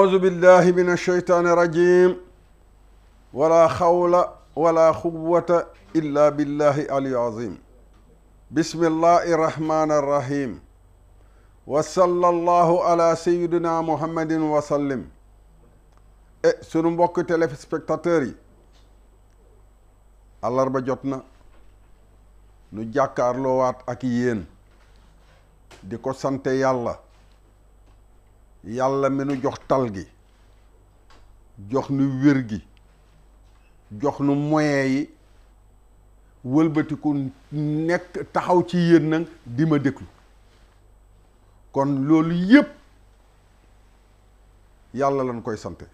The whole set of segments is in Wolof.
أعوذ بالله من الشيطان الرجيم ولا حول ولا قوة إلا بالله العلي العظيم بسم الله الرحمن الرحيم وصلى الله على سيدنا محمد وسلم e sunu mbokk téléspectateurs yi àllarba jot na nu jàkkaarloowaat ak yéen di ko sante yàlla yàlla mi nu jox tal gi jox nu wér gi jox nu moyen yi wëlbatiku nekk taxaw ci yéen nag di ma déglu kon loolu yépp yàlla lañ koy sante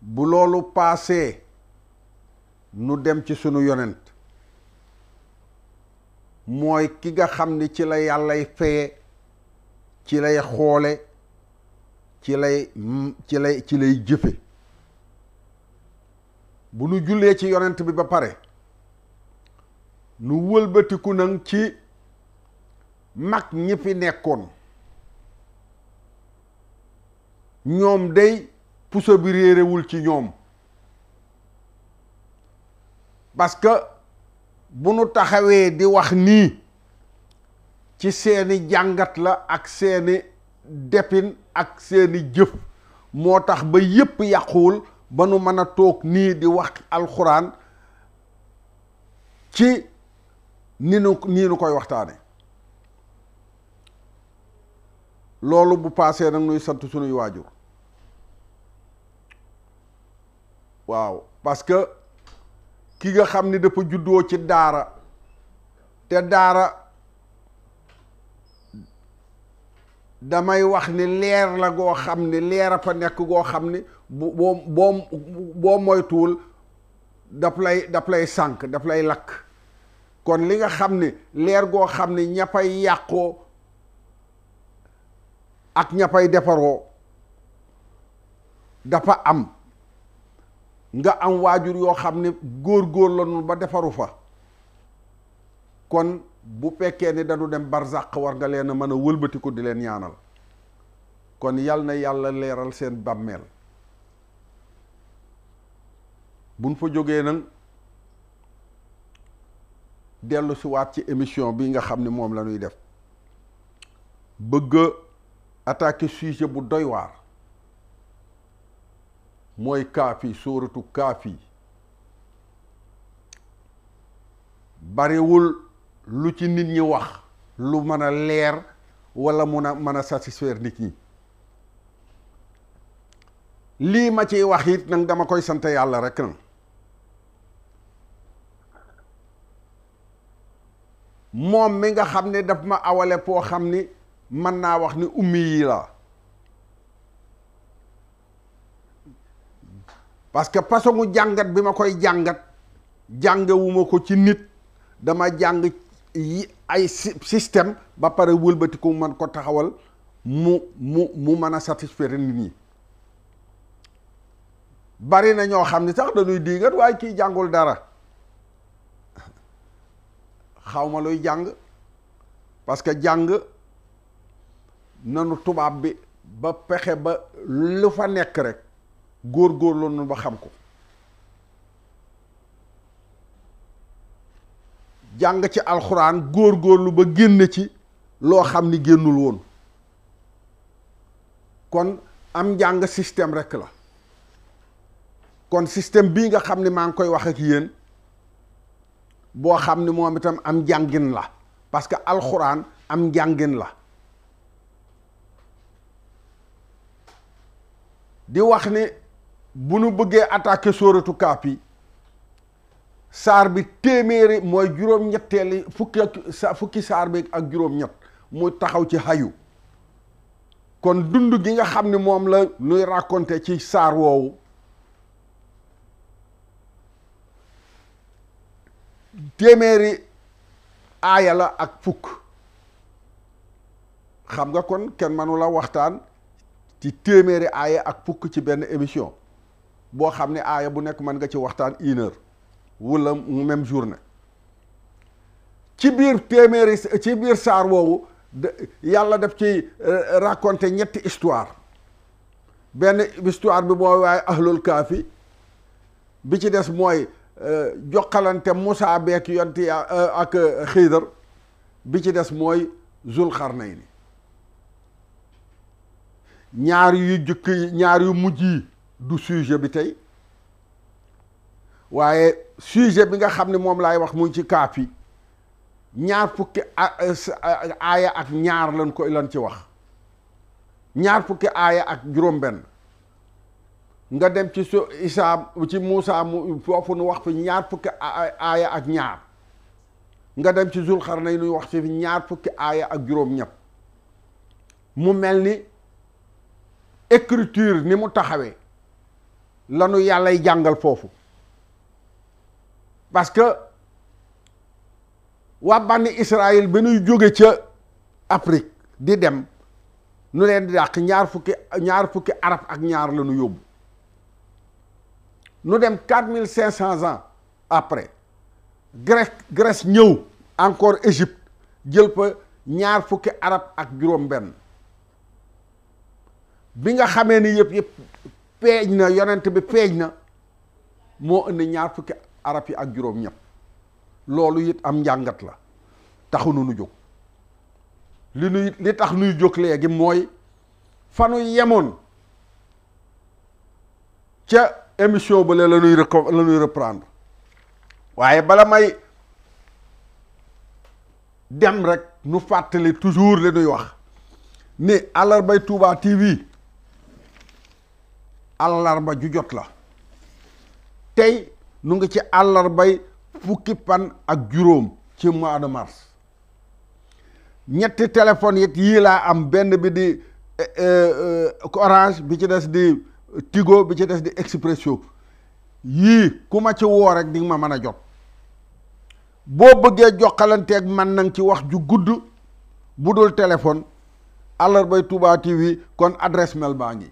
bu loolu paasee nu dem ci sunu yonent mooy ki nga xam ni ci la yàllay feye ci lay xoole ci lay ci lay ci lay jëfe bu nu jullee ci yonent bi ba pare nu wëlbatiku nag ci mag ñi fi nekkoon ñoom day puso bi réerewul ci ñoom parce que bu nu taxawee di wax nii ci seeni jàngat la ak seeni depin ak seeni jëf moo tax ba yépp yàquwul ba nu mën a toog nii di wax alxuraan ci ni nu nii nu koy waxtaane loolu bu paasee nag nuy sant sunuy waajur waaw parce que ki nga xam ni dafa juddoo ci daara te daara damay wax ni leer la goo xam ne leer a fa nekk goo xam ne bu boo boo boo moytuwul daf lay daf lay sànk daf lay lakk kon li nga xam ne leer goo xam ne ña fay yàqoo ak ña fay defaroo dafa am nga am waajur yoo xam ne góor góor la ba defaru fa kon bu fekkee ni dañu dem barzaq war nga leen mën a wëlbatiku di leen ñaanal kon yal na yàlla leeral seen bàmmeel bu buñ fa jógee nag dellu waat ci émission bi nga xam ni moom la def bëgg attaquer sujet bu doy waar mooy kaafi sóoratu kaafi barewul lu ci nit ñi wax lu mën a leer walla mun a mën a satisfaire nit ñi lii ma ciy waxit it dama koy sante yàlla rek nag moom mi nga xam ne daf ma awale poo xam ni mën naa wax ni ummi yi la parce que façon jàngat bi ma koy jàngat jàngewuma ko ci nit dama jàng yi ay système ba pare wëlbati ko man ko taxawal mu mu mu mën a satisfaire nit ñi bari na ñoo xam ne sax dañuy diigat waaye kii jàngul dara xaw ma luy jàng parce que jàng nanu tubaab bi ba pexe ba lu fa nekk rek góor-góorlu nu ba xam ko jàng ci alxuraan góor góorgóorlu ba génne ci loo xam ni génnul woon kon am njàng système rek la kon système bii nga xam ni maa ngi koy wax ak yéen boo xam ni moom itam am njàngin la parce que alxuraan am njàngin la di wax ni bu nu bëggee attaquer sóoratu kaaf yi saar bi téeméeri mooy juróom-ñetteeli fukki ak sa saar bi ak juróom-ñett muy taxaw ci hayu kon dund gi nga xam ne moom la nuy raconté ci saar woowu téeméeri aaya la ak fukk xam nga kon kenn mënu la waxtaan ci téeméeri aaya ak fukk ci benn émission boo xam ne aaya bu nekk mën nga ci waxtaan une wala même journée ci biir téeméeri ci biir saar woowu yàlla def ci euh, raconter ñetti histoire benn histoire bi mooy waaye ahlul kaafi bi ci des mooy euh, jokkalante Moussa beek yonti euh, ak Xidar bi ci des mooy Zulxarnayni ñaar yu jëkk ñaar yu mujj yi du sujet bi tey waaye sujet bi nga xam ne moom laay wax mu ci kaafi yi ñaar fukki euh, euh, aaya ak ñaar lañ ko lan ci wax ñaar fukki aaya ak juróom-benn nga dem ci su Isaa ci Muusaa mu foofu nu wax fi ñaar fukki aaya ak ñaar nga dem ci Zulxarnayni nuy wax ci fi ñaar fukki aaya ak juróom-ñëpp mu mel ni écriture ni mu taxawee lanu yàllay jàngal foofu parce que waa bànni Israël bi nuy jóge ca Afrique di dem nu leen di dàq ñaar fukki ñaar fukki arab ak ñaar la ñu yóbbu nu dem quatre mille cinq cents ans après Grèce Grèce ñëw encore Égypte jël fa ñaar fukki arab ak juróom-benn bi nga xamee ni yëpp yëpp peeñ na yonent bi peeñ na moo indi ñaar fukki arab yi ak juróom-ñett loolu it am njàngat la taxunu nu jóg li nuy li tax nuy jóg léegi mooy fanu yemoon ca émission ba la nuy reco la nuy reprendre waaye bala may dem rek nu fàttali toujours li nuy wax ni àllarbay Touba TV àllarba ju jot la tey nu ngi ci àllarbay fukki pan ak juróom ci mois de mars ñetti téléphone it yii laa am benn bi di eh, eh, orange bi ci des di tigo bi ci des di expresso yii ku ma ci woo rek di nga ma mën a jot boo bëggee jokkalanteeg man nang ci wax ju gudd bu dul téléphone àllarbay Touba TV kon adresse mel baa ngi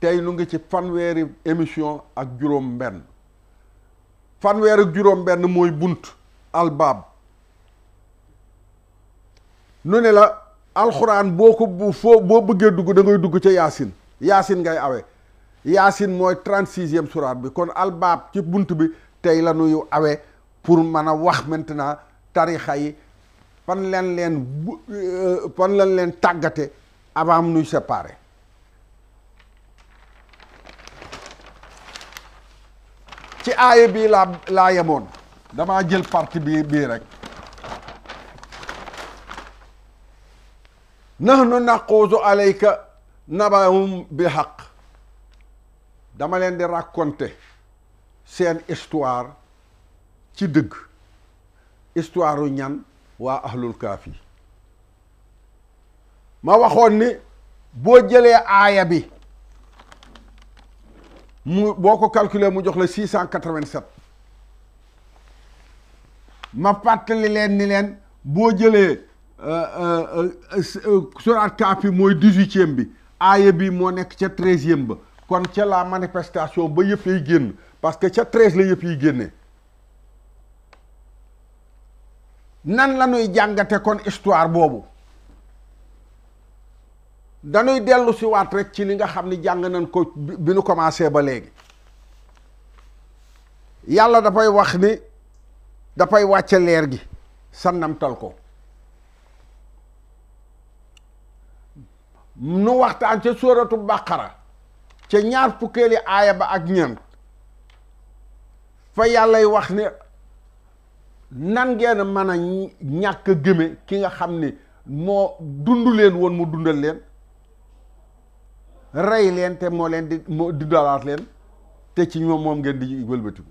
tey nu ngi ci fanweeri émission ak juróom mbenn fanweer ak juróom benn mooy bunt albaab nu ne la alxuraan boo ko bu foo boo bëggee dugg da ngay dugg ci yaasin yaasin ngay awe yaasin mooy trente sixième suraat bi kon albaab ci bunt bi tey la nuyu awe pour mën a wax maintenant tarixa yi fan leen leen euh, fan lañ leen tàggate avant nuy séparer ci aaya bii laa laa yemoon damaa jël partie bii bii rek nahnu naquusu alayka nabahum bi xaq dama leen di raconter seen histoire ci dëgg histoire u ñan waa ahlul kaafi ma waxoon ni boo jëlee aaya bi mu boo ko calculer mu jox la six cent quatre-vingt-sept ma fàttali leen ni leen boo jëlee euh, euh, euh, sourate Kaafi mooy dix-huitième bi aaya bii moo nekk ca treizième ba kon ca la manifestation ba yëpp ay génn parce que ca treize la yëpp yi génne nan la ñuy jàngate kon histoire boobu dañuy dellusiwaat si rek ci li nga xam ni jàng nañ ko bi nu commencé ba léegi yàlla dafay wax ni dafay wàcce leer gi sannamtal ko nu waxtaan ca sóoratu bàqara ca ñaar fukkeeli aaya ba ak ñeent fa yàllay wax ni nan ngeen mën a ñàkk gëme ki nga xam ni moo dund leen woon mu dundal leen rey leen te moo leen di moo di dalaat leen te ci ñoom moom ngeen di wëlbatiku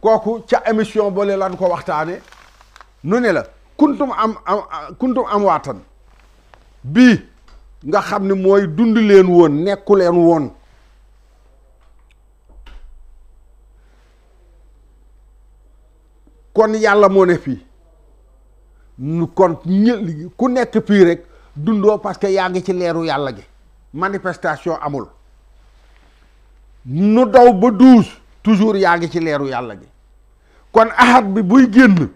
kooku ca émission boole lan ko waxtaane nu ne la kuntum am am kuntum am waatan bii nga xam ni mooy dund leen woon nekku leen woon kon yàlla moo ne fii kon ñë ku nekk fii rek dundoo parce que yaa ngi ci leeru yàlla gi manifestation amul nu daw ba douze toujours yaa ngi ci leeru yàlla gi kon ahad bi buy génn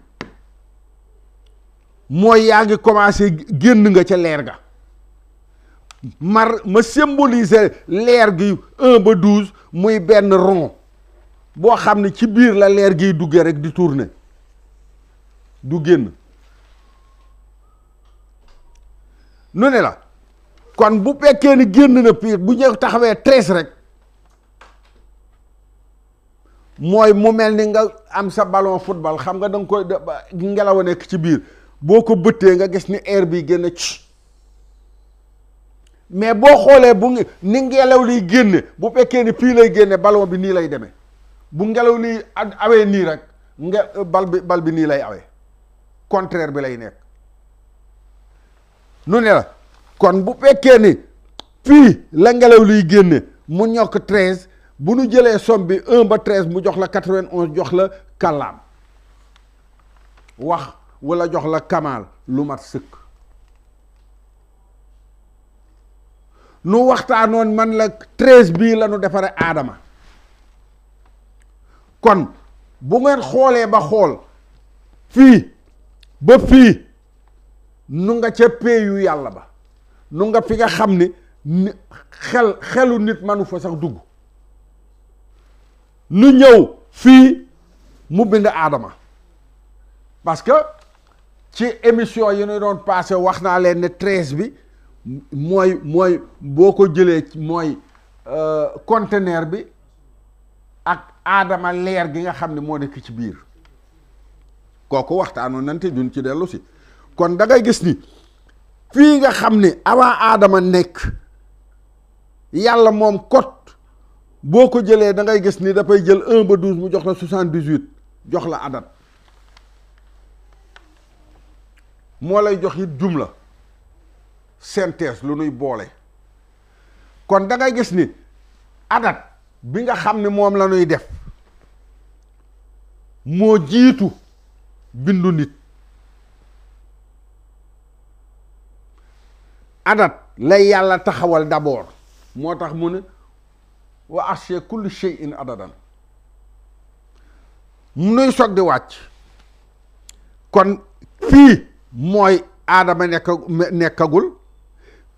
mooy yaa ngi commencé génn nga ca leer ga mar ma symboliser leer gi un ba douze muy benn rond boo xam ne ci biir la leer giy duggee rek di tourner du génn nu ne la kon bu fekkee ni génn na piir bu ñëw taxawee treize rek mooy mu mel ni nga am sa ballon football xam nga danga koy koy ngelaw nekk ci biir boo ko bëttee nga gis ni air bi génn ci mais boo xoolee bu ngi ni ngelaw liy génne bu fekkee ni fii lay génne ballon bi nii lay demee bu ngelaw liy awee nii rek nga bal bi bal bi nii lay awe contraire bi lay nekk nu ne la kon bu fekkee ni fii la ngelaw luy génne mu ñokk treize bu nu jëlee somme bi un ba treize mu jox la quatre-vingt-onze jox la kàllaam wax wala jox la kamaal lu mat sëkk nu waxtaanoon man la treize bii la nu defare aadama kon bu ngeen xoolee ba xool fii ba fii nu nga ca peeyu yàlla ba nu nga fi nga xam ne ni xel xelu nit manu fa sax dugg lu ñëw fii mu bind aadama parce que ci émission yi ñu doon passé wax naa leen ne treize bi mooy mooy boo ko jëlee mooy euh, conteneur bi ak aadama leer gi nga xam ni moo nekk ci biir kooku waxtaanu nante duñ ci dellusi kon da ngay gis ni fii nga xam ne avant aadama nekk yàlla moom kot boo ko jëlee da ngay gis ni dafay jël un ba douze mu jox la soixante dix huit jox la adat moo lay jox it jumla synthèse lu nuy boole kon da ngay gis ni adat bi nga xam ne moom la nuy def moo jiitu bindu nit adat lay yàlla taxawal d'abord moo tax mu ne wa arché kulli shay'in adadan nuy soog di wàcc kon fii mooy aadama nekk nekkagul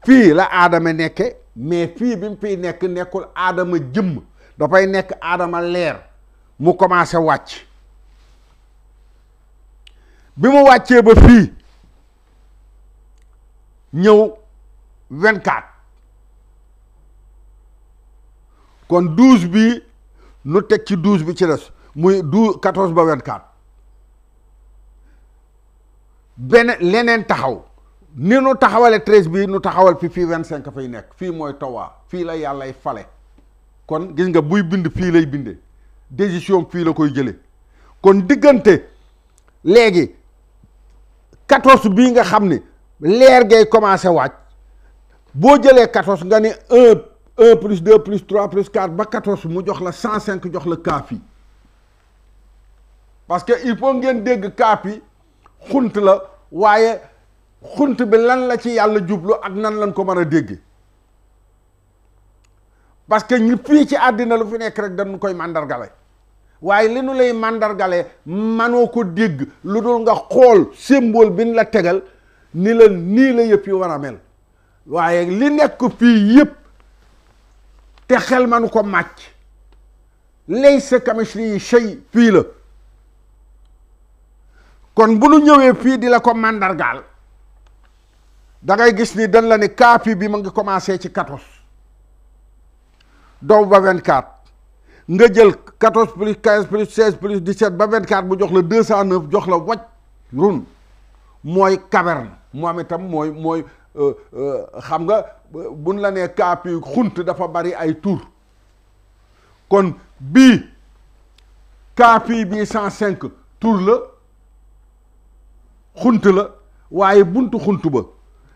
fii la aadama nekke mais fii bi mu fiy nekk nekkul aadama jëmm dafay nekk aadama leer mu commencé wàcc bi mu wàccee ba fii ñëw vingt-quatre kon douze bi nu teg ci douze bi ci des muy douze quatorze ba vingt-quatre beneen leneen taxaw ni nu taxawale treize bii nu taxawal fi fii vingt-cinq fay nekk fii mooy tawaa fii la yàllay fale kon gis nga buy bind fii lay binde décision fii la koy jële kon diggante léegi quatorze bii nga xam ni leer gay commencé waaj boo jëlee quatorze nga ne un un plus deux plus trois plus quatre ba quatorze mu jox la cent cinq jox la kaaf yi parce que il faut ngeen dégg kaaf xunt la waaye xunt bi lan la ci yàlla jublu ak nan lañ ko mën a dégg parce que ñu fii ci àddina lu fi nekk rek dañu koy màndargale waaye li nu lay màndargale manoo ko dégg lu dul nga xool symbole bi ñu la tegal ni la nii la yëpp yi war a mel waaye li nekk fii yëpp te xel manu ko màcc laysa kamislihi shay fii la kon bu nu ñëwee fii di la ko màndargaal dangay gis ni dañ la ne kaafi bi ma ngi commencé ci quatorze dow ba vingt quatre nga jël quatorze plus quinze plus seize plus di sept ba vingt quatre bu jox la deux cent neuf jox la waj run mooy caverne moom itam mooy mooy Euh, euh, xam nga buñ la nee kaapi xunt dafa bari ay tur kon bii kaapi bii cent cinq tur la xunt la waaye buntu xunt ba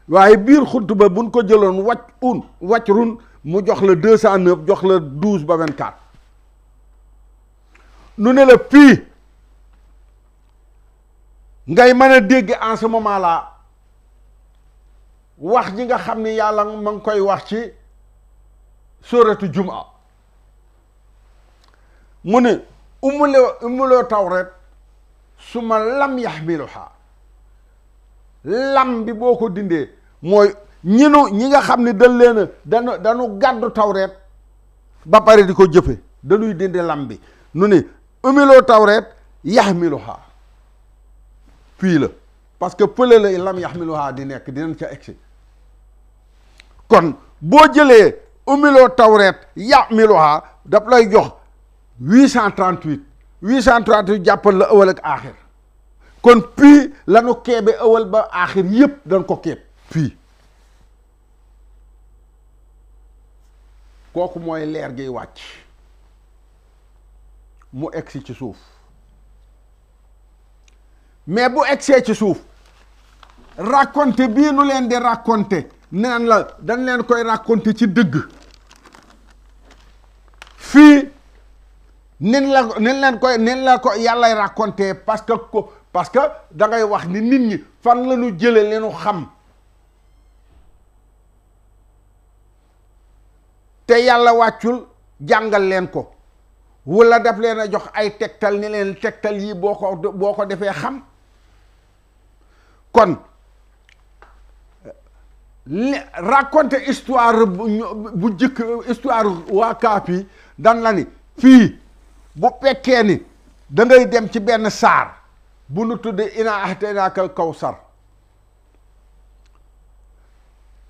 waaye biir xunt ba buñ ko jëloon wàcc un wàcc run mu jox la deux cent neuf jox la douze ba vingt quatre nu ne la fii ngay mën a dégg en ce moment wax ji nga xam ni yàlla ma ngi koy wax ci sóoratu jumaa mu ne umuloo umuloo tawret su ma lam yaxmiluha lam bi boo ko dindee mooy ñinu ñi nga xam ni dañ leen danu dañu gàddu tawreet ba pare di ko jëfe dañuy dindi lam bi nu ni umiloo tawreet yaxmiluha fii la parce que pële la lam yaxmiluha di nekk dinañ ca egsi kon boo jëlee umiloo yàq ya miluha daf lay jox huit cent trente huit huit cent trente huit jàppal la ëwal ak aaxir kon puis lanu keebe ëwal ba aaxir yëpp dañ ko keeb fii kooku mooy leer giy wàcc mu egsi ci suuf mais bu egsee ci suuf raconté bii nu leen di raconté naan la dañ leen koy raconter ci dëgg fii nen la nen leen koy nen la ko yàlla raconter parce que ko parce que da wax ni nit ñi fan la ñu jële leenu xam te yàlla wàccul jàngal leen ko wala daf leen a jox ay tegtal ni leen tegtal yi boo ko boo ko defee xam kon raconter histoire bu jëkk histoire waa Kaafi dan la ni fii bu fekkee ni dangay dem ci benn saar bu nu tuddee inaa kaw kawsar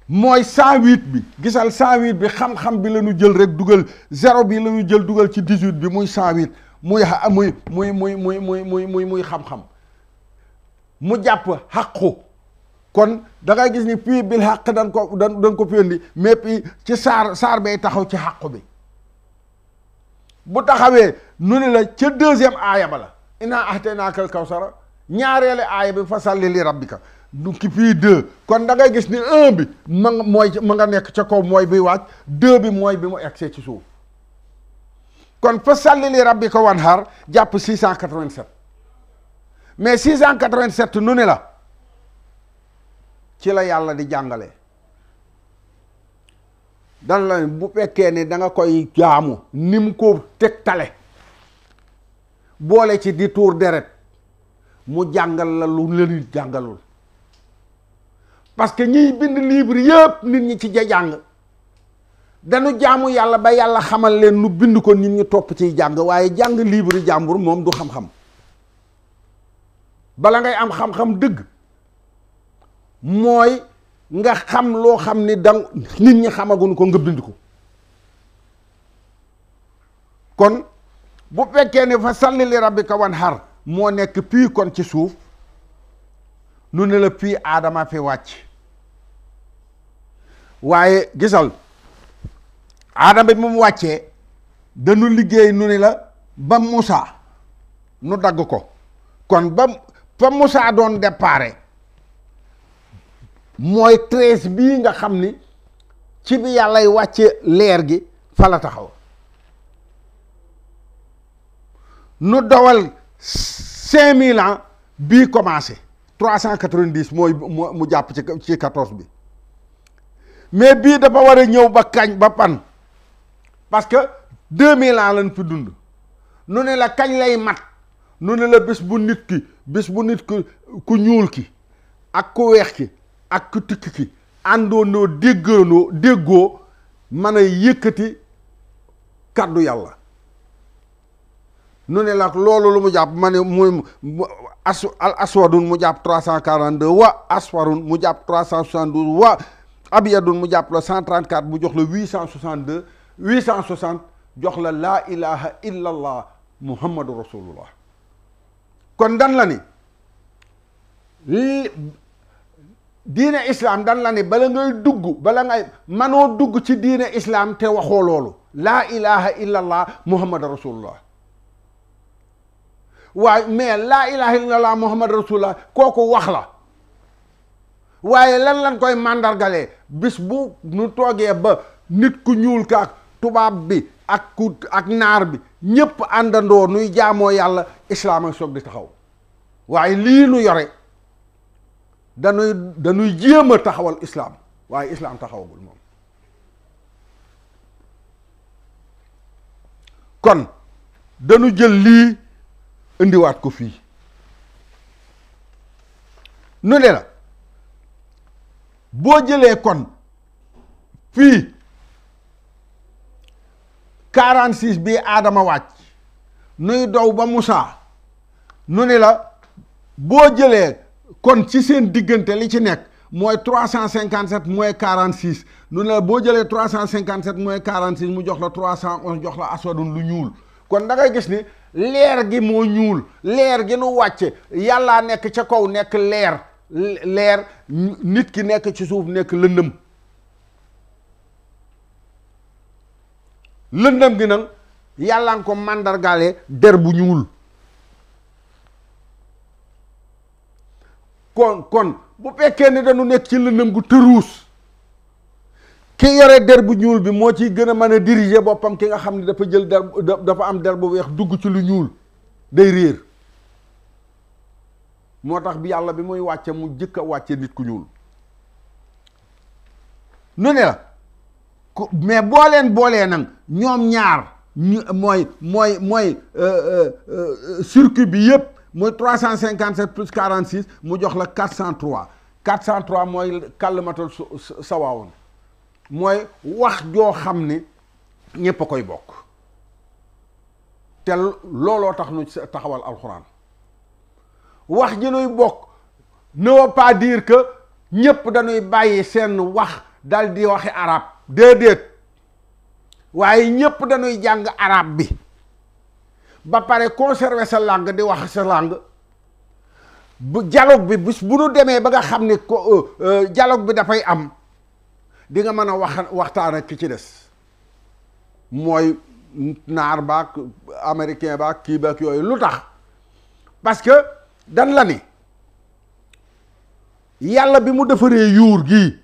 mooy cent huit bi gisal cent huit bi xam-xam bi la jël rek dugal zéro bi la ñu jël dugal ci dix bi muy cent huit muy muy muy muy muy muy muy muy muy xam-xam mu jàpp xaqu kon dangay gis ni puis bil xàq dan ko dan dan ko piyandi mais puis ci saar saar bay taxaw ci xàqu bi bu taxawee nu ni la ca deuxième aaya ba la inaa ahtaynakal kawsara ñaareele aaya bi fa salli li rabbika du ki fii deux kon da ngay gis ni un bi ma nga mooy ma nga nekk ca kaw mooy bi wàcc deux bi mooy bi mu eggsee ci suuf kon fa salli li rabbika wanhar jàpp six cent quatre-vingt-sept mais six cent quatre-vingt-sept nu ni la ci la yàlla di jàngale dan la bu fekkee ne da koy jaamu nim mu ko tegtale boole ci di tuur deret mu jàngal la lu leen jàngalul parce que ñiy bind livre yëpp nit ñi ci ja jàng danu jaamu yàlla ba yàlla xamal leen lu bind ko nit ñi topp ciy jàng waaye jàng livre jàmbur moom du xam-xam bala ngay am xam-xam dëgg mooy nga xam loo xam ni dang nit ñi xamaguñ ko nga kon bu fekkee ne fa salli li rabbika wan xar moo nekk pii kon ci suuf nu ne la pii aadama fi wàcc waaye gisal aadama bi mu wàccee danu liggéey nu ne la ba musaa nu dagg ko kon ba ba musaa doon déparé mooy treize bii nga xam ni ci bi yàllay wàcce leer gi fa la taxaw nu dowal cinq mille ans bii commencé trois cent quatre-vingt-dix mooy mu jàpp ci ci quatorze bi mais bii dafa war a ñëw ba kañ ba pan parce que deux mille ans lañ fi dund nu ne la kañ lay mat nu ne la bis bu nit ki bis bu nit ku ku ñuul ki ak ku weex ki ak ku tukki ki àndoonoo déggoo mën a yëkkati kàddu yàlla nu ne la loolu lu mu jàpp ma ne muy aswadun mu jàpp trois cent quarante deux wa aswarun mu jàpp trois cent soixante douze wa abiyadun mu jàpp la cent trente quatre mu jox la huit cent soixante deux huit cent soixante jox la laa ilaha illa muhammadu rasulullah kon dan la ni diine islam dan la ne bala ngay dugg bala ngay manoo dugg ci diine islaam te waxoo loolu laa ilaha illallah muhammad rasulullah waaye mais laa ilaha illallah muhammad rasulullah kooku wax la waaye lan lan koy màndargalee bis bu nu toogee ba nit ku ñuul ka ak tubaab bi ak ku ak naar bi ñépp àndandoo nuy jaamoo yàlla islaam ak soog di taxaw waaye lii nu yore dañuy dañuy jéem taxawal islaam waaye islaam taxawagul moom kon danu jël lii indiwaat ko fii nu ne la boo jëlee kon fii quarante six bii aadama wàcc nuy dow ba Musaa nu ne la boo jëlee kon ci seen diggante li ci nekk mooy trois cent cinquante sept mooy quarante six nu ne boo jëlee trois cent cinquante sept mooy quarante six mu jox la trois cent onze jox la aswadun lu ñuul kon da ngay gis ni leer gi moo ñuul leer gi nu wàcce yàlla nekk ca kaw nekk leer leer nit ki nekk ci suuf nekk lëndëm lëndëm gi nag yàlla nga ko màndargaale der bu ñuul kon kon bu fekkee ni dañu nekk ci lëndëm gu tëruus ki yore der bu ñuul bi moo ciy gën a mën a diriger boppam ki nga xam ne dafa jël der dafa am der bu weex dugg ci lu ñuul day réer moo tax bi yàlla bi muy wàcce mu jëkk a wàcce nit ku ñuul nu ne la mais boo leen boolee nag ñoom ñaar mooy mooy mooy euh, euh, euh, circuit bi yépp muy 357 plus 46 mu jox la 403 403 mooy kàllamatal sawaawun mooy wax joo xam ni ñépp a koy bokk te looloo tax nu taxawal alxuraan wax ji nuy bokk ne veut pas dire que ñépp dañuy bàyyi seen wax dal di waxi arab déedéet waaye ñépp dañuy jàng araab bi ba pare conserver sa langue di wax sa langue bu dialogue bi bis bu nu demee ba nga xam ne ko euh, euh, dialogue bi dafay am di nga mën a wax waxtaan ak ki ci des mooy naar baak américain baak kii baak yooyu lu tax parce que dan la ni yàlla bi mu defaree yuur gii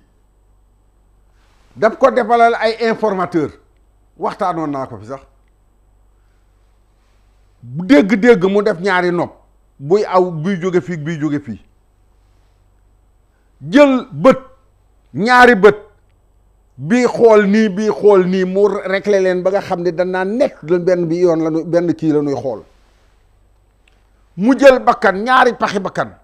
daf ko defalal ay informateur waxtaanoon naa ko fi sax dégg-dégg mu def ñaari nopp buy aw buy jóge fii buy jóge fii jël bët ñaari bët bii xool nii bii xool nii mu réglé leen ba nga xam ne danaa nekk benn bi yoon la benn kii la ñuy xool mu jël bakkan ñaari paxi bakkan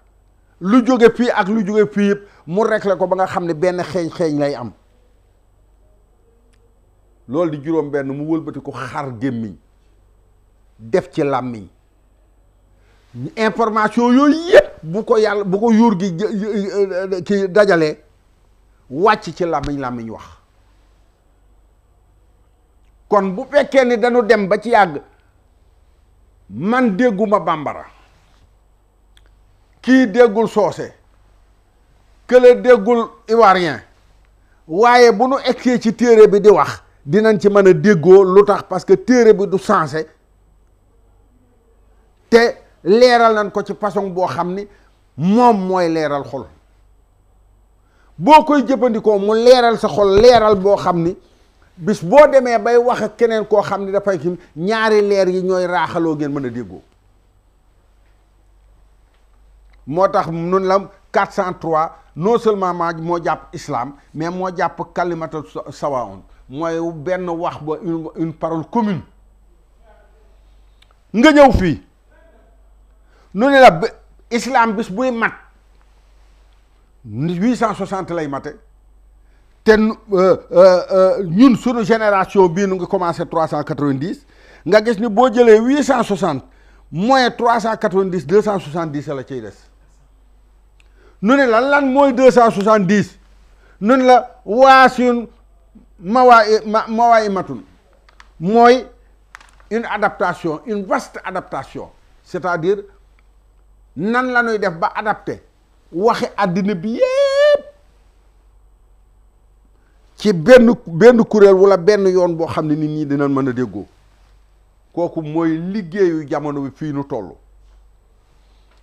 lu jóge fii ak lu jóge fii yëpp mu réglé ko ba nga xam ne benn xeeñ-xeeñ lay am loolu di juróom benn mu wëlbati ko xar gémmiñ def ci làmmiñ information yooyu yëpp bu ko yàlla bu ko yuur gi ki dajalee wàcc ci làmmiñ làmmiñ wax kon bu fekkee ni dañu dem ba ci yàgg man dégguma bàmbara kii déggul soose kële déggul ivoirien waaye bu nu egsee ci téere bi di wax dinañ ci mën a déggoo lu tax parce que téere bi du sensé te leeral nañ ko ci façon boo xam ni moom mooy leeral xol boo koy jëfandikoo mu leeral sa xol leeral boo xam ni bis boo demee bay wax ak keneen koo xam ni dafay kim ñaari leer yi ñooy raaxaloo ngeen mën a déggoo moo tax nun la 403 non seulement ma moo jàpp islaam mais moo jàpp kalimata sawaon mooy benn wax ba une parole commune nga ñëw fii nu ne la ba islam bis buy mat huit cent lay mate te euh, euh, euh, ñun sunu génération bii nu ngi commencé trois cent quatre vingt dix nga gis ni boo jëlee huit cent soixante moins trois cent quatre vingt dix deux cent soixante dix la ciy des nu ne la lan mooy deux cent soixante dix nu ne la waasun mawaay matun mooy une adaptation une vast adaptation c'est-à-dire nan la def ba adapté waxi àddina bi yépp ci benn benn kuréel walla benn yoon boo xam ne nit ñi dinañ mën a déggoo kooku mooy liggéeyu jamono bi fii nu toll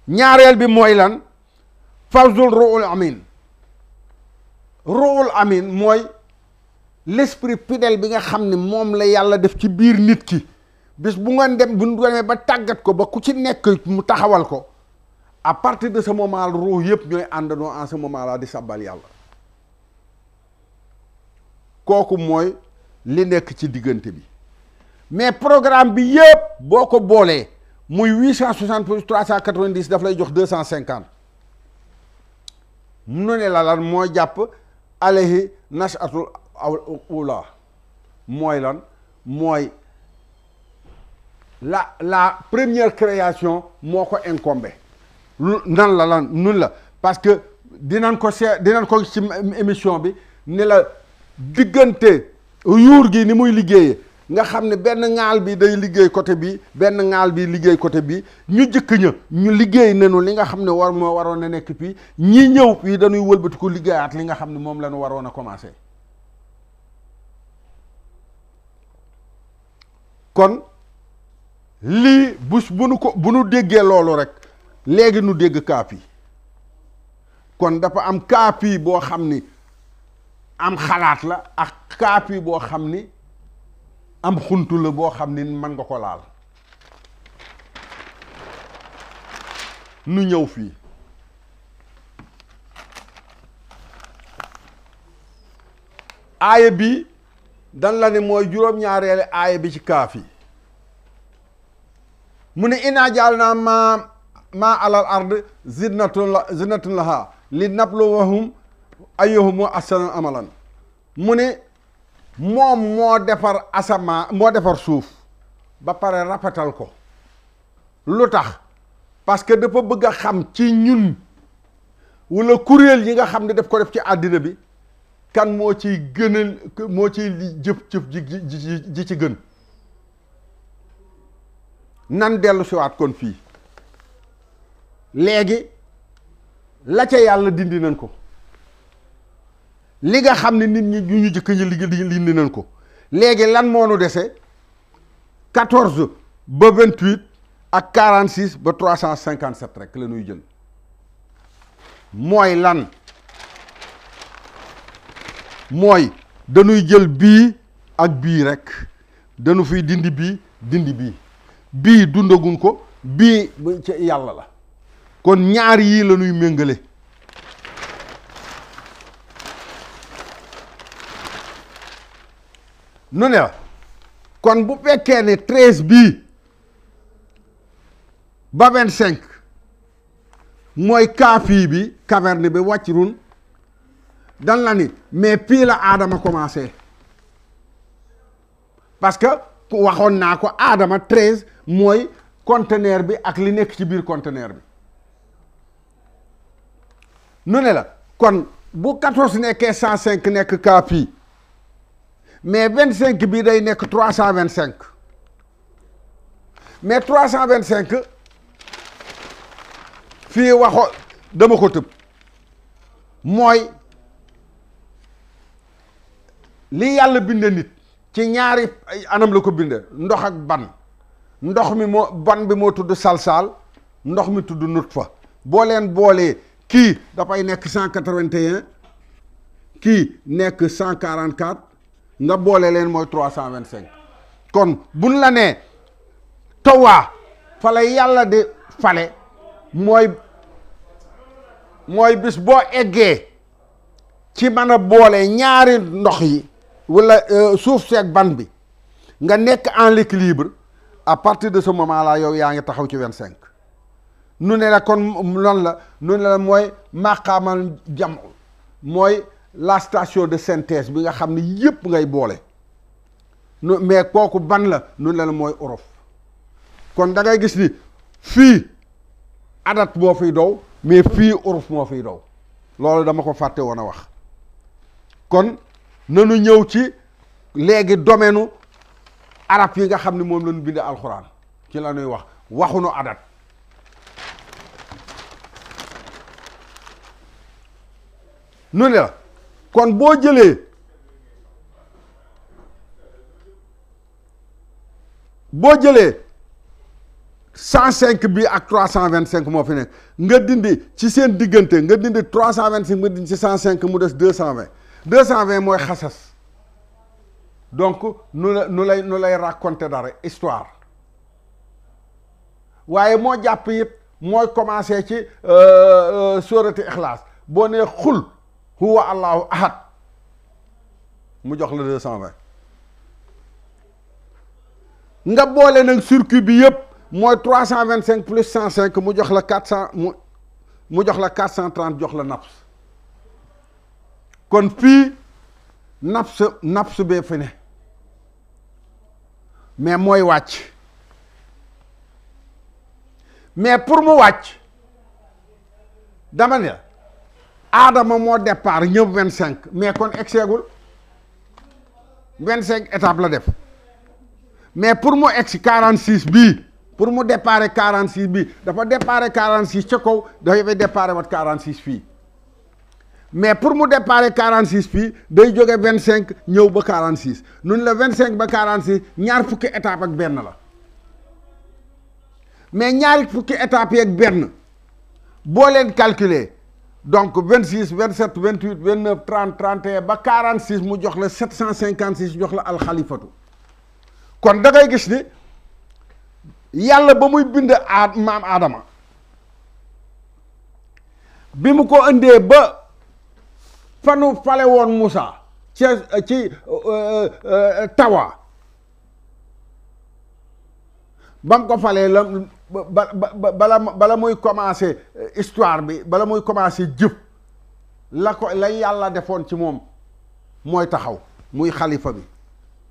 ñaareel bi mooy lan fawzul ruul amin ruul amin mooy l'esprit fidèle bi nga xam ne moom la yàlla def ci biir nit ki bis bu nga dem bu ñu demee ba tàggat ko ba ku ci nekk mu taxawal ko à partir de sa moment ruux yëpp ñooy àndandoo en ce moment là di sabbal yàlla kooku mooy li nekk ci diggante bi mais programme bi yëpp boo ko boolee muy huit cent soixante plus trois cent quatre-vingt-dix daf lay jox deux cent cinquante mu ne la lan mooy jàpp alayhi nash atul ula mooy lan mooy la la première création moo ko incombé nan la lan nun la parce que dinañ ko see dinañ ko ci émission bi ni la diggante yuur gi ni muy liggéeyee nga xam ne benn ŋaal bi day liggéey côté bi benn ŋaal bi liggéey côté bi ñu jëkk ñë ñu liggéey nenu li nga xam ne war moo waroon a nekk fii ñi ñëw fii dañuy wëlbatiku liggéeyaat li nga xam ne moom lañu ñu waroon a commencé kon lii bu bu nu ko bu nu déggee loolu rek léegi nu dégg kaafi kon dafa am kaapi boo xam ni am xalaat la ak kaapi boo xam ni am xuntu la boo xam ni mën nga ko laal nu ñëw fii aaya bi dan la ne mooy juróom-ñaareele aaya bi ci kaafi mu ne inaa jaal naa maam maa alal ard zinatun la zinatun laha li nabluwahum ayyuhum ahsanu amalan mu ne moom moo defar asamaa moo defar suuf ba pare rafetal ko lu tax parce que dafa bëgg a xam ci ñun wala kuréel yi nga xam ne daf ko def ci àddina bi kan moo ciy gënal moo ciy jëf jëf ji ji ci gën nan dellu siwaat kon fii léegi la ca yàlla dindi nañ ko li nga xam ne nit ñi ñu ñu jëkk ñi li dindi nañ ko léegi lan moo nu dese quatorze ba vingt huit ak quarante six ba trois cent cinquante sept rek la jël mooy lan mooy danuy jël bii ak bii rek dañu fi dindi bii dindi bii bii dundaguñ ko bii ci yàlla la kon ñaar yii la ñuy méngale nu ne kon bu fekkee ne treize bi ba vingt cinq mooy kaafii bi caverne bi wàcc run dan lani mais pii la aadama commencé parce que waxoon naa ko aadama treize mooy conteneur bi ak li nekk ci biir conteneur bi nu ne la kon bu quatorze nekkee cent cinq nekk cas pi mais vingt cinq bii day nekk trois cent vingt cinq mais trois cent vingt cinq fii waxo dama ko tëb mooy li yàlla binde nit ci ñaari anam la ko binde ndox ak ban ndox mi moo ban bi moo tudd salsal ndox mi tudd nut fa boo leen boolee kii dafay nekk cent quatre-vingt-un kii nekk cent quarante-quatre nga boole leen mooy trois cent vingt-cinq kon buñ la nee tawaa fa yàlla di fale mooy mooy bis boo eggee ci mën a boole ñaari ndox yi wala euh, suuf seeg ban bi nga nekk en l'équilibre à partir de ce moment laa yow yaa ngi taxaw ci vingt-cinq nu ne la kon loolu la nu ne la mooy maqaamal jam mooy la station de synthèse bi nga xam ne yëpp ngay boole nu mais kooku ban la nu ne la mooy orof kon da ngay gis ni fii adat moo fiy dow mais fii uruf moo fiy dow loolu dama ko fàtte woon a wax kon nanu ñëw ci léegi domaine arab yi nga xam ne moom lañu bind alxuraan ci la ñuy wax waxunu adat nu ne la kon boo jëlee boo jëlee cent cinq bi ak trois cent vingt cinq moo fi nekk nga dindi ci seen diggante nga dindi trois cent vingt cinq nga dindi cent cinq mu des deux cent vingt deux cent vingt mooy xasas donc nu la nu lay nu lay raconter dara histoire waaye moo jàpp it mooy commencé ci euh, euh, sóorati ixlaas boo nee xul huwa allahu ahad mu jox la deux nga boole nag circuit bi yëpp mooy trois cent vingt cinq plus cent cinq mu jox la quatre cent mu mu jox la quatre cent trente jox la naps kon fii naps naps bee fi ne mais mooy wàcc mais pour mu wàcc dama ne aadama moo départ ñëw vingt cinq mais kon egseegul vingt cinq étape la def mais pour mu egsi quarante six bii pour mu départ quarant six bii dafa départ quarante six ca kaw dafay départ wat quarante six fii mais pour mu départ quarant six fii day jóge vingt cinq ñëw ba quarant six nun la vingt cinq ba quarant six ñaar fukki étape ak benn la mais ñaari fukki étape yi ak benn boo leen calculer donc vingt six vingt sept vingt huit vingt neuf trente trente et ba quarante six mu jox la sept cent cinquante six jox la alxalifatu kon dangay gis ni yàlla ba muy bind aad maam aadama bi mu ko indee ba fanu fale woon Moussa ci ci euh, euh, euh, tawa ba mu ko falee la ba ba bala bala muy commencer euh, histoire bi bala muy commencer jëf la ko la yàlla defoon ci moom mooy taxaw muy xalifa bi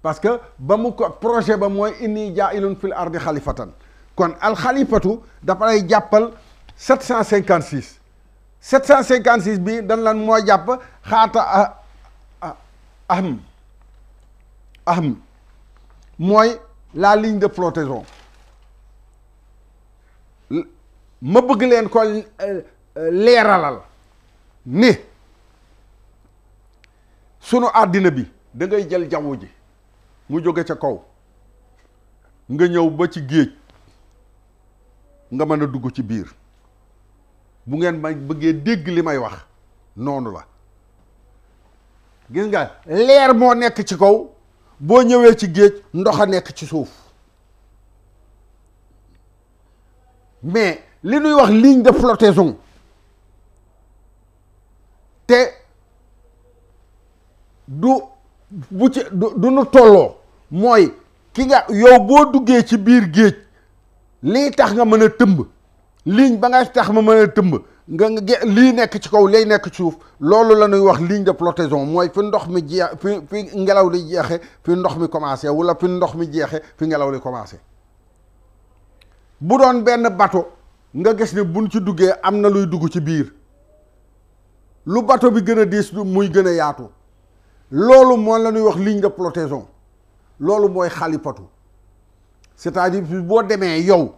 parce que ba mu ko projet ba mooy inni jaa'ilun fil ardi xalifatan kon alxalifatu dafa lay jàppal 756 756 bi dañ lan moo jàpp xaata aham ah, aham mooy la ligne de flottaison ma bëgg leen ko euh, euh, leeralal ni sunu àddina bi dangay jël jaww ji mu jóge ca kaw nga ñëw ba ci géej nga mën a dugg ci biir bu ngeen ma bëggee dégg li may wax noonu la gis nga leer moo nekk ci kaw boo ñëwee ci géej ndox a nekk ci suuf mais li ñuy wax liiñ de flottaison te du bu ci du nu tolloo mooy ki nga yow boo duggee ci biir géej lii tax nga mën a tëmb ligne ba nga tax ma mën a tëmb nga lii nekk ci kaw lay nekk ci suuf loolu la ñuy wax ligne de flottaison mooy fi ndox mi jeex fi fi ngelaw li jeexe fi ndox mi commencé wala fi ndox mi jeexe fi ngelaw li commencé bu doon benn bateau nga gis ne buñ ci duggee am na luy dugg ci biir lu bato bi gën a diis muy gën a yaatu loolu moo lañuy wax ligne de flottaison loolu mooy xalipatu c'est-à-dire boo demee yow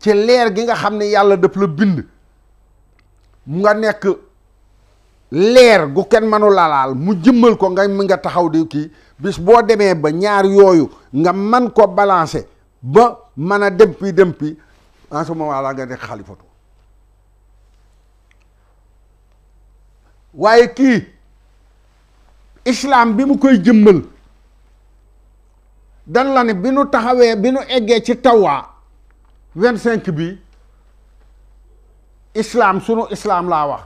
ci leer gi nga xam ne yàlla daf la bind nga nekk leer gu kenn mënu lalaal mu jëmmal ko nga mi nga taxaw di kii bis boo demee ba ñaar yooyu nga man ko balancer ba mën a dempi dempi en nga nekk xalifatu waaye kii islaam bi mu koy jëmmal dan la ne bi nu taxawee bi nu eggee ci tawwaa vingt bi islaam sunu islaam laa wax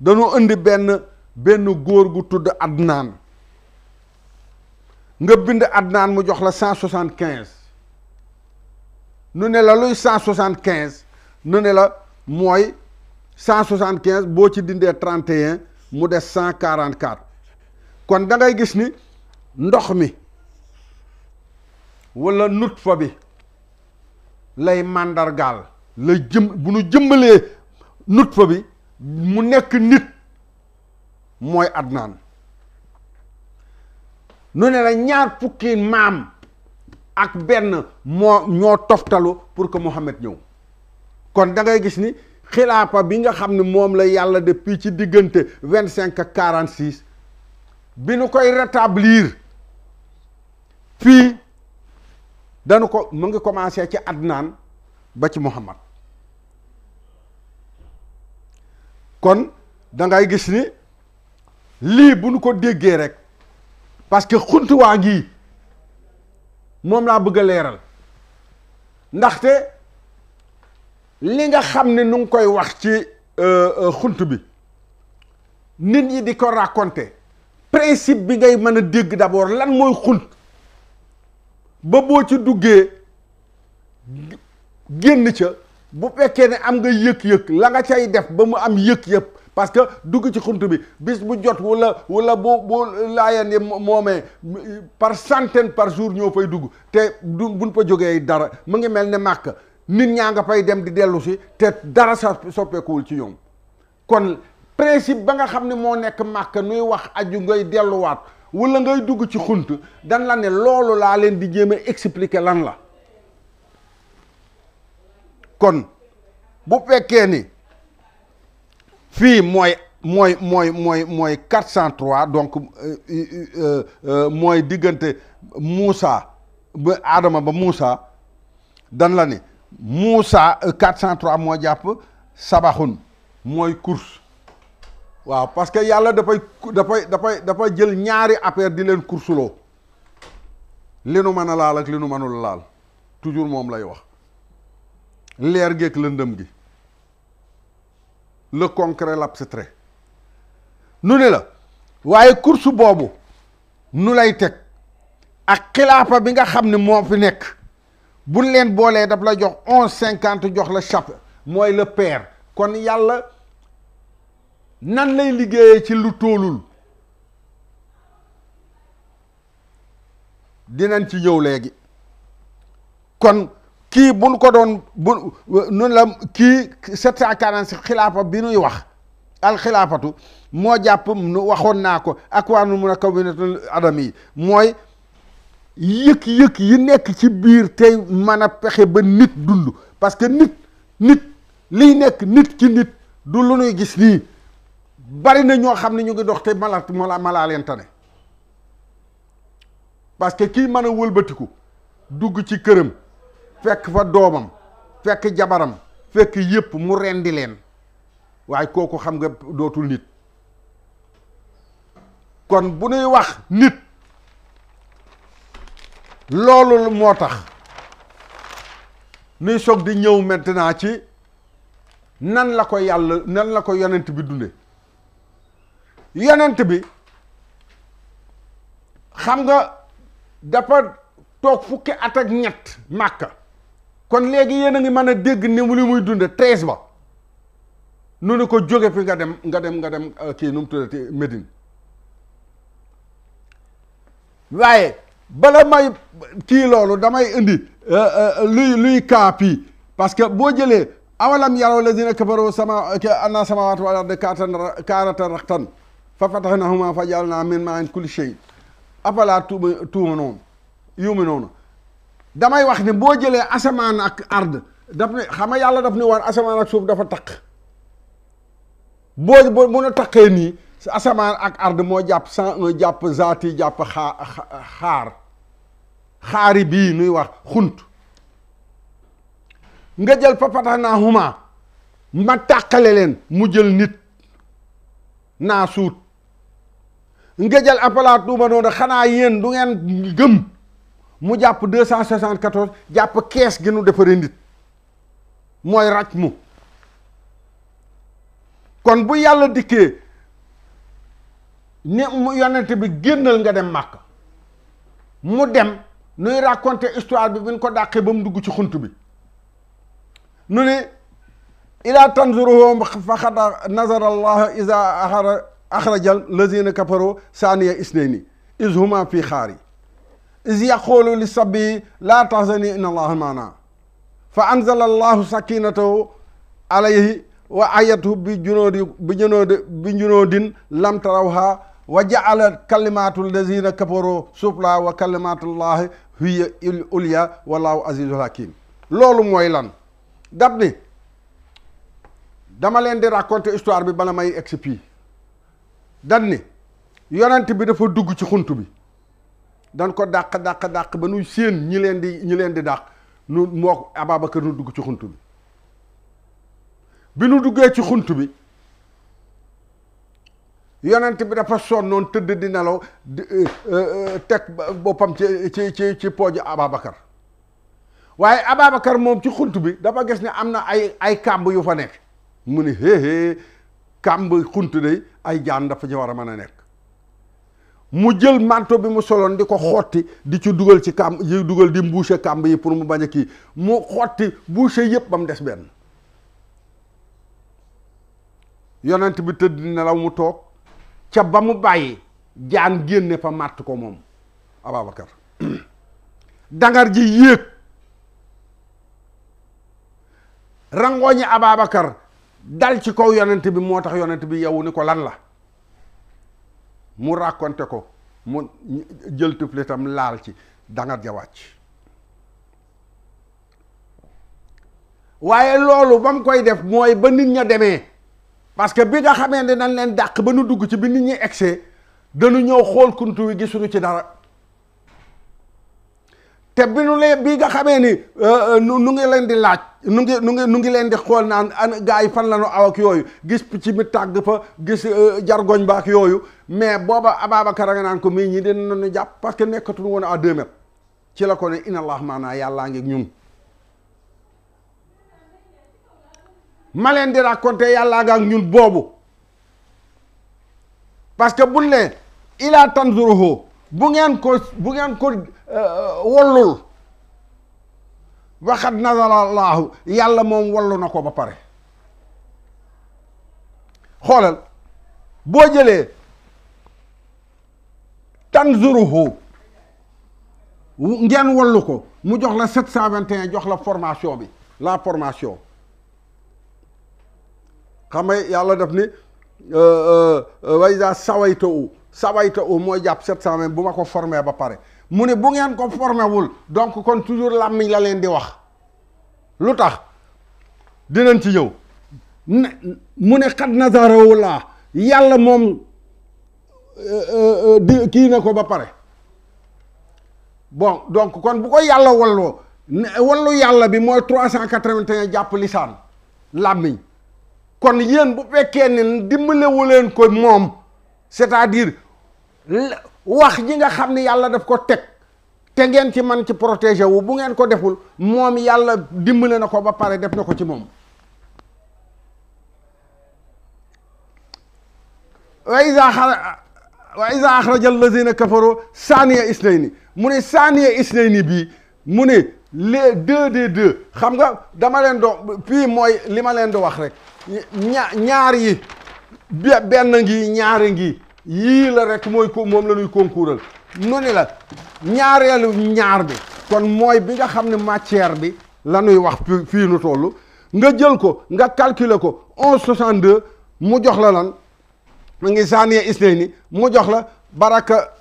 dañoo indi benn benn góor gu tudd Adnaan nga bind Adnaan mu jox la cent soixante quinze nu ne la luy cent soixante quinze nu ne la mooy cent soixante quinze boo ci dindee trente un mu de cent quarante quatre kon da ngay gis ni ndox mi wala nut fa bi lay màndargaal la jëm bu nu jëmbalee nut fa bi mu nekk nit mooy Adnaan nu ne la ñaar fukki maam ak benn moo ñoo toftalu pour que Mohamed ñëw kon da ngay gis ni xilaafa bi nga xam ne moom la yàlla depuis ci diggante vingt cinq ak quarante six bi nu koy rétablir fii dañu ko mu ngi commencé ci Adnan ba ci Mohamed kon da ngay gis ni lii bu nu ko déggee rek parce que xuntuwaa ngi moom laa bëgg a leeral ndaxte li nga xam ne nu ngi koy wax ci euh, euh, xunt bi nit ñi di ko raconter principe bi ngay mën a dégg d'abord lan mooy xunt ba boo ci duggee génn ca bu fekkee ne am nga yëg-yëg la nga cay def ba mu am yëg-yëg parce que dugg ci xunt bi bis bu jot walla wala boo boo laayeen yi moomee par centaine par jour ñoo fay dugg te du buñ fa jógee dara mu ngi mel ni màkk nit ñaa nga fay dem di dellu si te dara sa soppeekuwul ci ñoom kon principe ba nga xam ne moo nekk màkk nuy wax aju ngay delluwaat wala ngay dugg ci xunt dan la ne loolu laa leen di jéem a lan la kon bu fekkee ni fii mooy mooy mooy mooy mooy quatre cent trois donc euh, euh, euh, mooy diggante Moussa ba aadama ba Moussa dan la ne Moussa quatre cent trois moo jàpp sabaxun mooy course waaw parce que yàlla dafay dafay dafay dafay jël ñaari affaire di leen courseloo li nu mën a laal ak li nu mënul laal toujours moom lay wax leer geeg lëndëm gi le concret l'abstrait nu ne la waaye kursu boobu nu lay teg ak xilaapa bi nga xam ne moo fi nekk buñ leen boolee daf la jox onze cinquante jox la chape mooy le père kon yàlla nan lay liggéeyee ci lu tóolul dinañ ci ñëw léegi kon kii buñ ko doon bu nun la kii 746 xilaafa bi nuy wax alxilaafatu moo jàpp nu waxoon naa ko ak waa nu mun a kawminatul adam yi mooy yëkk-yëkk yi nekk ci biir tey mën a pexe ba nit dund parce que nit nit liy nekk nit ci nit du lu nuy gis nii bari na ñoo xam ne ñu ngi dox te mala mala malaa leen tane parce que kii mën a wëlbatiku dugg ci këram fekk fa doomam fekk jabaram fekk yépp mu rendi leen waaye kooku xam nga dootul nit kon bu ñuy wax nit loolu moo tax nuy soog di ñëw maintenant ci nan la ko yàlla nan la ko yenent bi dunde yonent bi xam nga dafa toog fukki at ak ñett màkka kon léegi yéen a ngi mën a dégg ni muy dunde treize ba nu ne ko jóge fi nga dem nga dem nga dem euh, kii nu mu tuddati Médine waaye bala may kii loolu damay indi euh, euh, luy luy kaapi parce que boo jëlee awalam yaraw lazina kafaru sama anna samawati wal ardi kaanata raqtan fa fatahnahuma fa jaalna min ma'in kulli shay afala tuuminoon noonu damay wax ne boo jëlee asamaan ak ard daf ne xam yàlla daf ne war asamaan ak suuf dafa taq boo boo mun a taqee nii asamaan ak ard moo jàpp cent un jàpp zaati jàpp xaa xaar xaari bii nuy wax xunt nga jël fafatahnaahuma ma tàqale leen mu jël nit naa suut nga jël apalaat duuma noonu xanaa yéen du ngeen gëm mu jàpp deux cent soixante quatorze jàpp kees gi nu defaree nit mooy raj mu kon bu yàlla dikkee ni mu yonent bi génnal nga dem màkk mu dem nuy raconter histoire bi bi ko dàqee ba mu dugg ci xunt bi nu ne ilaa tanzuruhum faqad nazara allah iza axrajal lazina kafaro saaniya isnayni iz huma fii xaar yi is yaqulu li sabbi laa tahzani inna allaha maana fa anzala allahu sakinatahu wa ayatuhu bi junoodi bi bi junoodin lam tarawha wa jaala kalimatu lazina kafaru sufla wa kalimatullahi hiya ulya wallahu azizul hakim loolu mooy lan daf ni dama leen di raconter histoire bi bala may egsi fii ni yonent bi dafa dugg ci xunt bi dan ko dàq dàq dàq ba nu séen ñi leen di ñi leen di dàq nu moo Ababacar nu dugg ci xunt bi bi nu duggee ci xunt bi yonent bi dafa sonnoon tëdd di nelaw euh, euh, teg boppam ci ci ci ci pooju Ababacar waaye Ababacar moom ci xunt bi dafa gis ni am na ay ay kàmb yu fa nekk mu ni hé hé kàmb xunt de ay jaan dafa ci war a mën a nekk mu jël manteau bi mu soloon di ko xotti di ci dugal ci kàmb di dugal di mbuuse kàmb yi pour mu bañ a kii mu xotti mbuuse yépp ba mu des benn yonent bi tëdd nelaw mu toog ca ba mu bàyyi jaan génne fa màtt ko moom Ababacar dangar ji yéeg rangooñi Ababacar dal ci kaw yonent bi moo tax yonent bi yow ni ko lan la mu raconté ko mu jël tuflitam laal ci danga ja wàcc waaye loolu ba mu koy def mooy ba nit ña demee parce que bi nga xamee ne dañ leen dàq ba nu dugg ci bi nit ñi egsee danu ñëw xool kuntu wi gisuñu ci dara te bi nu lee bi nga xamee ni euh, euh, nu ngi leen di laaj nu ngi nu ngi nu ngi leen di xool naan an gaa fan la nu aw ak yooyu gis ci mi tàgg fa gis euh, jargoñ ba ak yooyu mais booba Ababacar a nga naan ko mais ñi dina nu jàpp parce que nekkatul woon à deux ci la ko ne inna allah maanaa yàllaa ngi ñun ma di raconter yàllaa nga ak ñun boobu parce que buñ ne ilaa tanzuruhu bu ngeen ko bu ngeen ko euh, wollul waxat nazarallaahu yàlla moom wallu na ko ba pare xoolal boo jëlee tanzuruhu ngeen wallu ko mu jox la 721 jox la formation bi la formation xam nga yàlla def ni euh, euh, wayda sawayta u sawayta u mooy jàpp 720 bu ma ko formé ba pare mu ne bu ngeen ko formé wul donc kon toujours làmmiñ la leen di wax lu tax dinañ ci ñëw mu ne xat nazarawu laa yàlla moom di kii na ko ba pare bon donc kon bu ko yàlla walloo wallu yàlla bi mooy trois cent quatre-vingt-un jàpp lisaan làmmiñ kon yéen bu fekkee ne dimbalewu leen ko moom c'est-à-dire wax ji nga xam ne yàlla def ko teg te ngeen ci man ci protéger wu bu ngeen ko deful moom yàlla dimbale na ko ba pare def na ko ci moom wa waa wa iza axraja allazina kafaro saaniya isnayni mu ne saaniya isnayni bii mu ne les deux des deux xam nga dama leen doon fii mooy li ma leen di wax rek ña ñaar yi benn ngi ñaari ngi yii la rek mooy ko moom la ñuy concoural nu ni la ñaareelu ñaar bi kon mooy bi nga xam ne matière bi la wax fii nu toll nga jël ko nga calculer ko onze soixante deux mu jox la lan mu ngi saaniya isnay ni mu jox la baraka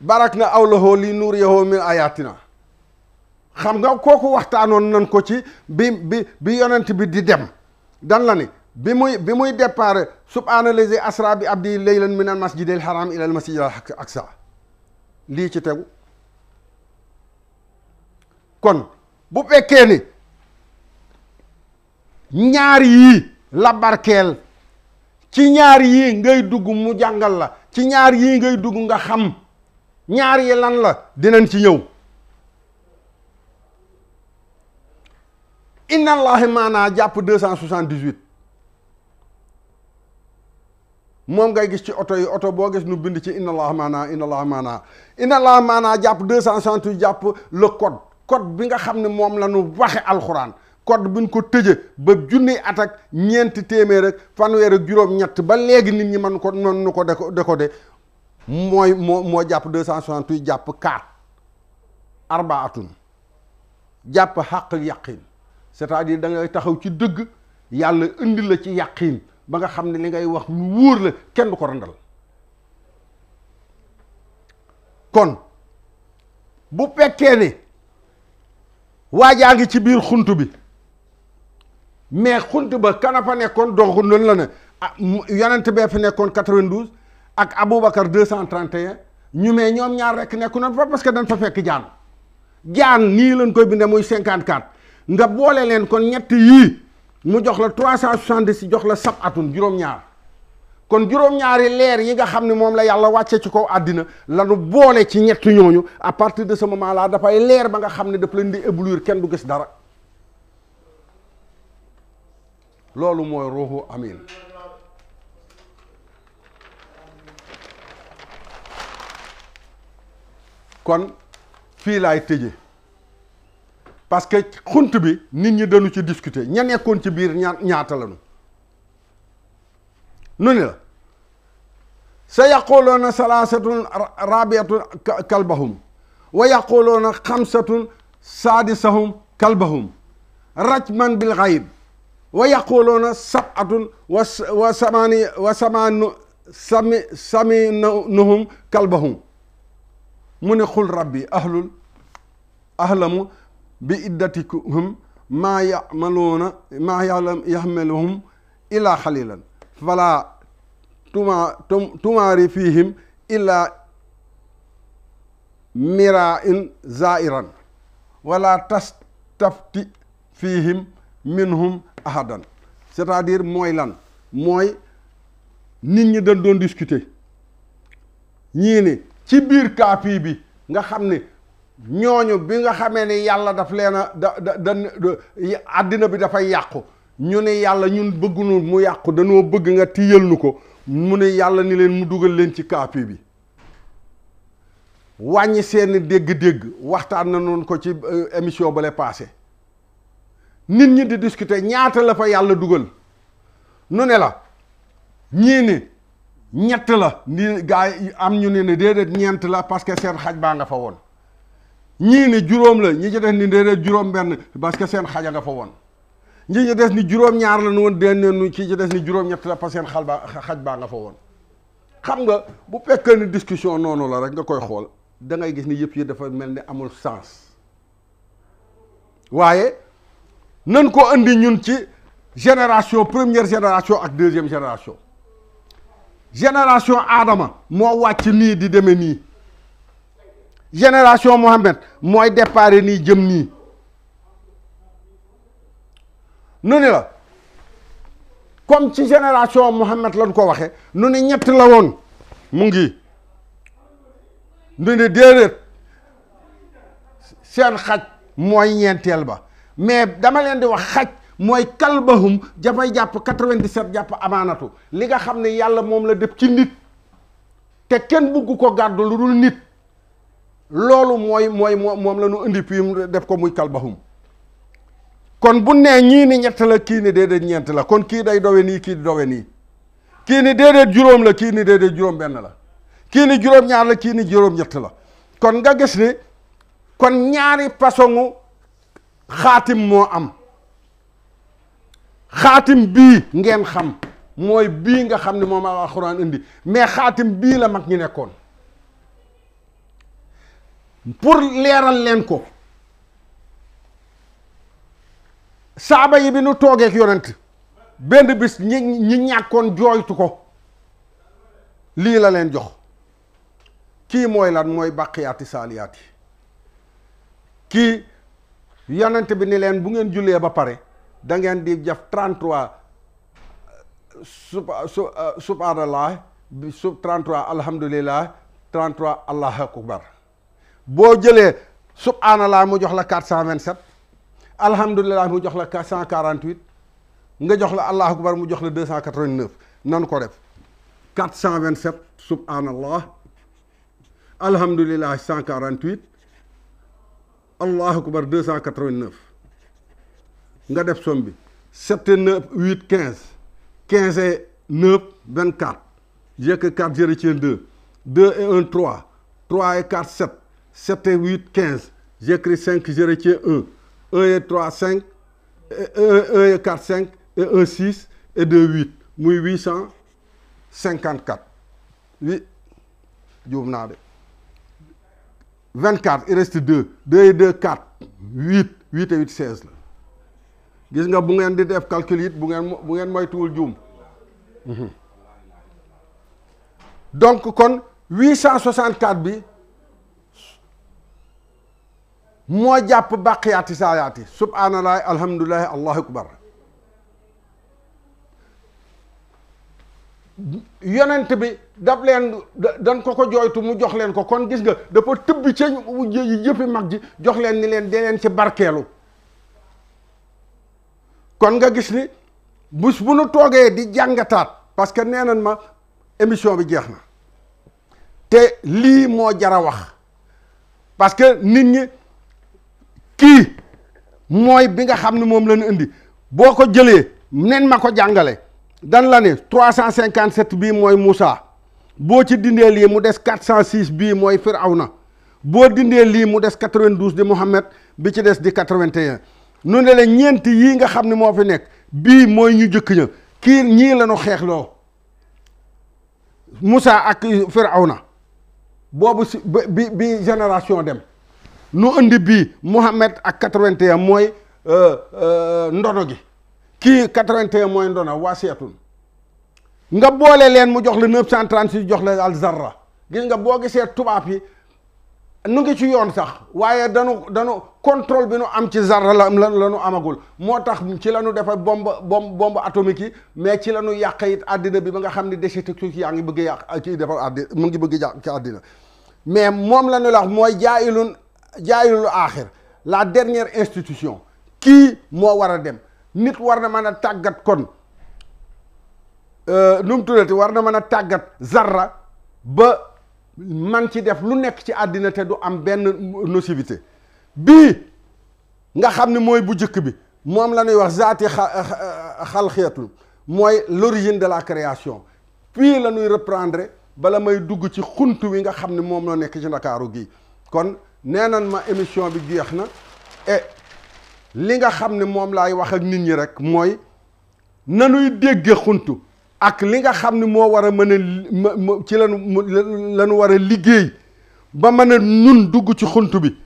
barak na awlahoo li nuur yahoo min ayatina xam nga kooku waxtaanoon nan ko ci bi bi bi yonent bi di dem dan la ni bi muy bi muy départ subhaanallazi asra bi abdi laylan min al masjidil haram ila al ak aqsa lii ci tegu kon bu fekkee ni ñaar yii la barkeel ci ñaar yii ngay dugg mu jàngal la ci ñaar yii ngay dugg nga xam ñaar yi lan la dinañ ci ñëw inna allahi maanaa jàpp deux cent soixante-dix-huit moom ngay gis ci oto yi oto boo gis nu bind ci inna allahi maanaa inna maanaa inna maanaa jàpp deux cent soixante-huit jàpp le code code bi nga xam ne moom la ñu waxe alxuraan code buñ ko tëjee ba junni at ñeenti téeméer ak fanweer ak juróom-ñett ba léegi nit ñi mën ko mën nu ko déco décoder mooy moo moo jàpp de cent soixante-huit jàpp kaat arbaatun jàpp xàq ak yàqin c'est-à-dire da taxaw ci dëgg yàlla indi la ci yàqin ba nga xam ne li ngay wax lu wóor la kenn du ko randal kon bu fekkee ne jaa ngi ci biir xunt bi mais xunt ba kana fa nekkoon donc loolu la ne ah yonent bee fa nekkoon 92 ak cent 231 ñu mais ñoom ñaar rek nekku noonu fa parce que dañ fa fekk jaan jaan nii lañ koy bindee muy 54 nga boole leen kon ñetti yii mu jox la 370 jox la sab atun juróom-ñaar kon juróom-ñaari leer yi nga xam ne moom la yàlla wàcce ci kaw àddina lanu boole ci ñett ñooñu à partir de ce moment là dafay leer ba nga xam ne daf leen di éblouir kenn du gis dara loolu mooy ruuxu amin kon fii laay tëje parce que xunt bi nit ñi dañu ci discuter ña nekkoon ci biir ña ñaata lañu nu ni la sa yaquluuna salaasatun rabiatun kalbahum wa yaquluuna xamsatun saadisahum kalbahum rajman bil xayb wa yaquluuna sabatun wa wa samaani wa samaanu sami saminuhum kalbahum mu ne xul rabbi ahlul ahlamu bi iddatihum maa yamaluuna maa yaxmeluhum illa xalilan fala tuma tumaari fihim illa mirain zairan wala tastafti fihim minhum ahadan c'est-à-dire mooy lan mooy nit ñi dañ doon discuter ñii ne ci biir kaapi bi nga xam ne ñooñu bi nga xamee ne yàlla daf leen a da da da àddina bi dafay yàqu ñu ne yàlla ñun bëggunu mu yàqu dañoo bëgg nga tiyal nu ko mu ne yàlla ni leen mu dugal leen ci kaapi bi wàññi seeni dégg-dégg waxtaan na noon ko ci euh, émission bale passé nit ñi di discuter ñaata la fa yàlla dugal nu ne la ñii ni ñett la ni gaa yi am ñu ne ne déedéet ñeent la parce que seen xaj baa nga fa woon ñii ni juróom la ñi ci des ni juróom parce que seen xaj a woon ñi ci des ni juróom la nu woon dénneenu ci ci des ni juróom ñett la parce que seen xal baa xaj baa nga fa woon xam nga bu fekkee ni discussion noonu la rek nga koy xool da gis ni yëpp yi dafa mel ni amul sens waaye nan ko indi ñun ci génération première génération ak deuxième génération génération Adama moo wàcc nii di demee nii génération Mohamed mooy départ nii jëm nii nu la comme ci génération Mohamed lañ ko waxe nu ni la woon mu ngi nu ni déedéet seen xaj mooy ñeenteel ba mais dama leen di wax xaj mooy kalbahum dafay jàpp 97 jàpp amaanatu li nga xam ne yàlla moom la def ci nit te kenn bugg ko gàddu lu dul nit loolu mooy mooy moom la ñu indi fii def ko muy kalbahum kon bu nee ñii ni ñett la kii ni déedéet ñeent la kon kii day dowe nii kii di dowe nii kii ni déedéet juróom la kii ni déedéet juróom benn la kii ni juróom ñaar la kii ni juróom ñett la kon nga gis ni kon ñaari façon xaatim moo am xaatim bii ngeen xam mooy bii nga xam ni moom a alxuraan indi mais xaatim bii la mag ñi nekkoon pour leeral leen ko saaba yi bi nu toogeek yonent benn bis ñi ñi ñàkkoon jooytu ko lii la leen jox kii mooy lan mooy bàqiyaati saaliyaati kii yonent bi ni leen bu ngeen jullee ba pare da ngeen di jaf 33 euh, suba su euh, subhanallah sub 33 alhamdulillah 33 allahu akbar boo jëlee subhanallah mu jox la vingt 427 alhamdulillah mu jox la 448 nga jox la allahu akbar mu jox la 289 nan ko def 427 subhanallah alhamdulillah 148 allahu akbar deux cent quatre vingt neuf nga def somme bi sept neuf huit quinze quinze et neuf vingt quatre j'ai quatre je retiens deux deux et un trois trois et quatre sept sept huit quinze j'écris cinq je retiens un un et trois cinq un et quatre cinq et un six et deux huit muy huit cent cinquante quatre huit vingt il reste 2 2 et 2 4 8 8 et 8 la gis nga bu ngeen di def calcul it bu ngeen bu ngeen moytuwul juum mhm. donc kon 864 bi moo jàpp bàqiyaati saayaati subhaanallaahi alhamdulillahi allahu akbar yonent bi daf leen dañ ko ko jooytu mu jox leen ko kon gis nga dafa tëbbi ca jëfi mag ji jox leen ni leen de leen ci barkeelu kon nga gis ni bus bu nu toogee di jàngataat parce que nee nañ ma émission bi jeex na te lii moo jara wax parce que nit ñi kii mooy bi nga xam ni moom lañu indi boo ko jëlee nen ma ko jàngale dan la ne trois cent cinquante sept bii mooy Moussa boo ci dindee lii mu des quatre cent six bii mooy Firawna boo dindee lii mu des quatre vingt douze di Mouhamed bi ci des di quatre vingt et un nu ne la ñeenti yii nga xam ne moo fi nekk bii mooy ñu jëkk ña kii ñii la ñu xeexloo Moussa ak Firawna boobu si bi bi génération dem nu indi bii Mouhamed ak quatre vingt et un mooy euh, euh, ndono gi kii 81 mooy waa waasiyatun nga boole leen mu jox la 936 jox la al zarra gis nga boo gisee tubaab yi nu ngi ci yoon sax waaye danu danu contrôle bi nu am ci zarra la la nu amagul moo tax ci la nu defa bombe bombe bombe atomique yi mais ci la nu yàq àddina bi ba nga xam ne déchets yaa ngi bëgg yàq ci defar àddina mu ngi bëgg yàq ci àddina mais moom la ñu mooy jaayilun jaayilul aaxir la dernière institution kii moo war a dem nit war na mën a tàggat kon euh, nu mu tuddati war na mën a tàggat zarra ba man ci def lu nekk ci àddina te du am benn nocivité bii nga xam ne mooy bu jëkk bi moom la ñuy wax zaati xalxiyatu mooy l'origine de la création puis la ñuy reprendre bala may dugg ci xunt wi nga xam ne moom la nekk ci ndakaaru gi kon nee nan ma émission bi géex na et li nga xam ne moom laay wax ak nit ñi rek mooy nanuy dégge xuntu ak li nga xam ne moo war a mën a ci lanu lanu war a liggéey ba mën a nun dugg ci xunt bi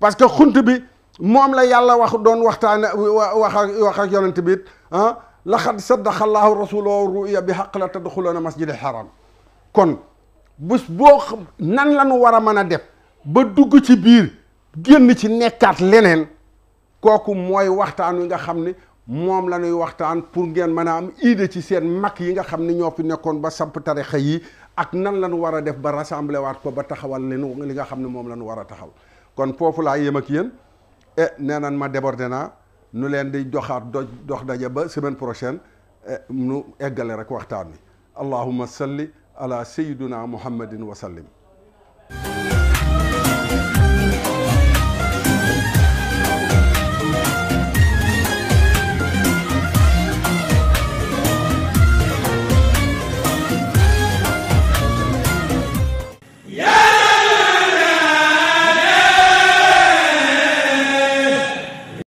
parce que xunt bi moom la yàlla wax doon waxtaane wax ak wax ak yonent bi it ah laxad saddaqa allahu rasulahu ruya bi xaq la tadxuluna masjid al haram kon bés boo nan la war a mën a def ba dugg ci biir génn ci nekkaat leneen kooku mooy waxtaan wi nga xam ne moom la waxtaan pour ngeen mën am idée ci seen mag yi nga xam ni ñoo fi nekkoon ba samp tarixa yi ak nan la ñu war a def ba rassemblé waat ko ba taxawal leen li nga xam ne moom la ñu war a taxaw kon foofu laa yem ak yéen eh nee nan ma débordé naa nu leen di doxaat do dox daje ba semaine prochaine eh, nu eggale rek waxtaan wi allahumma salli ala sayyidina muhammadin wa sallim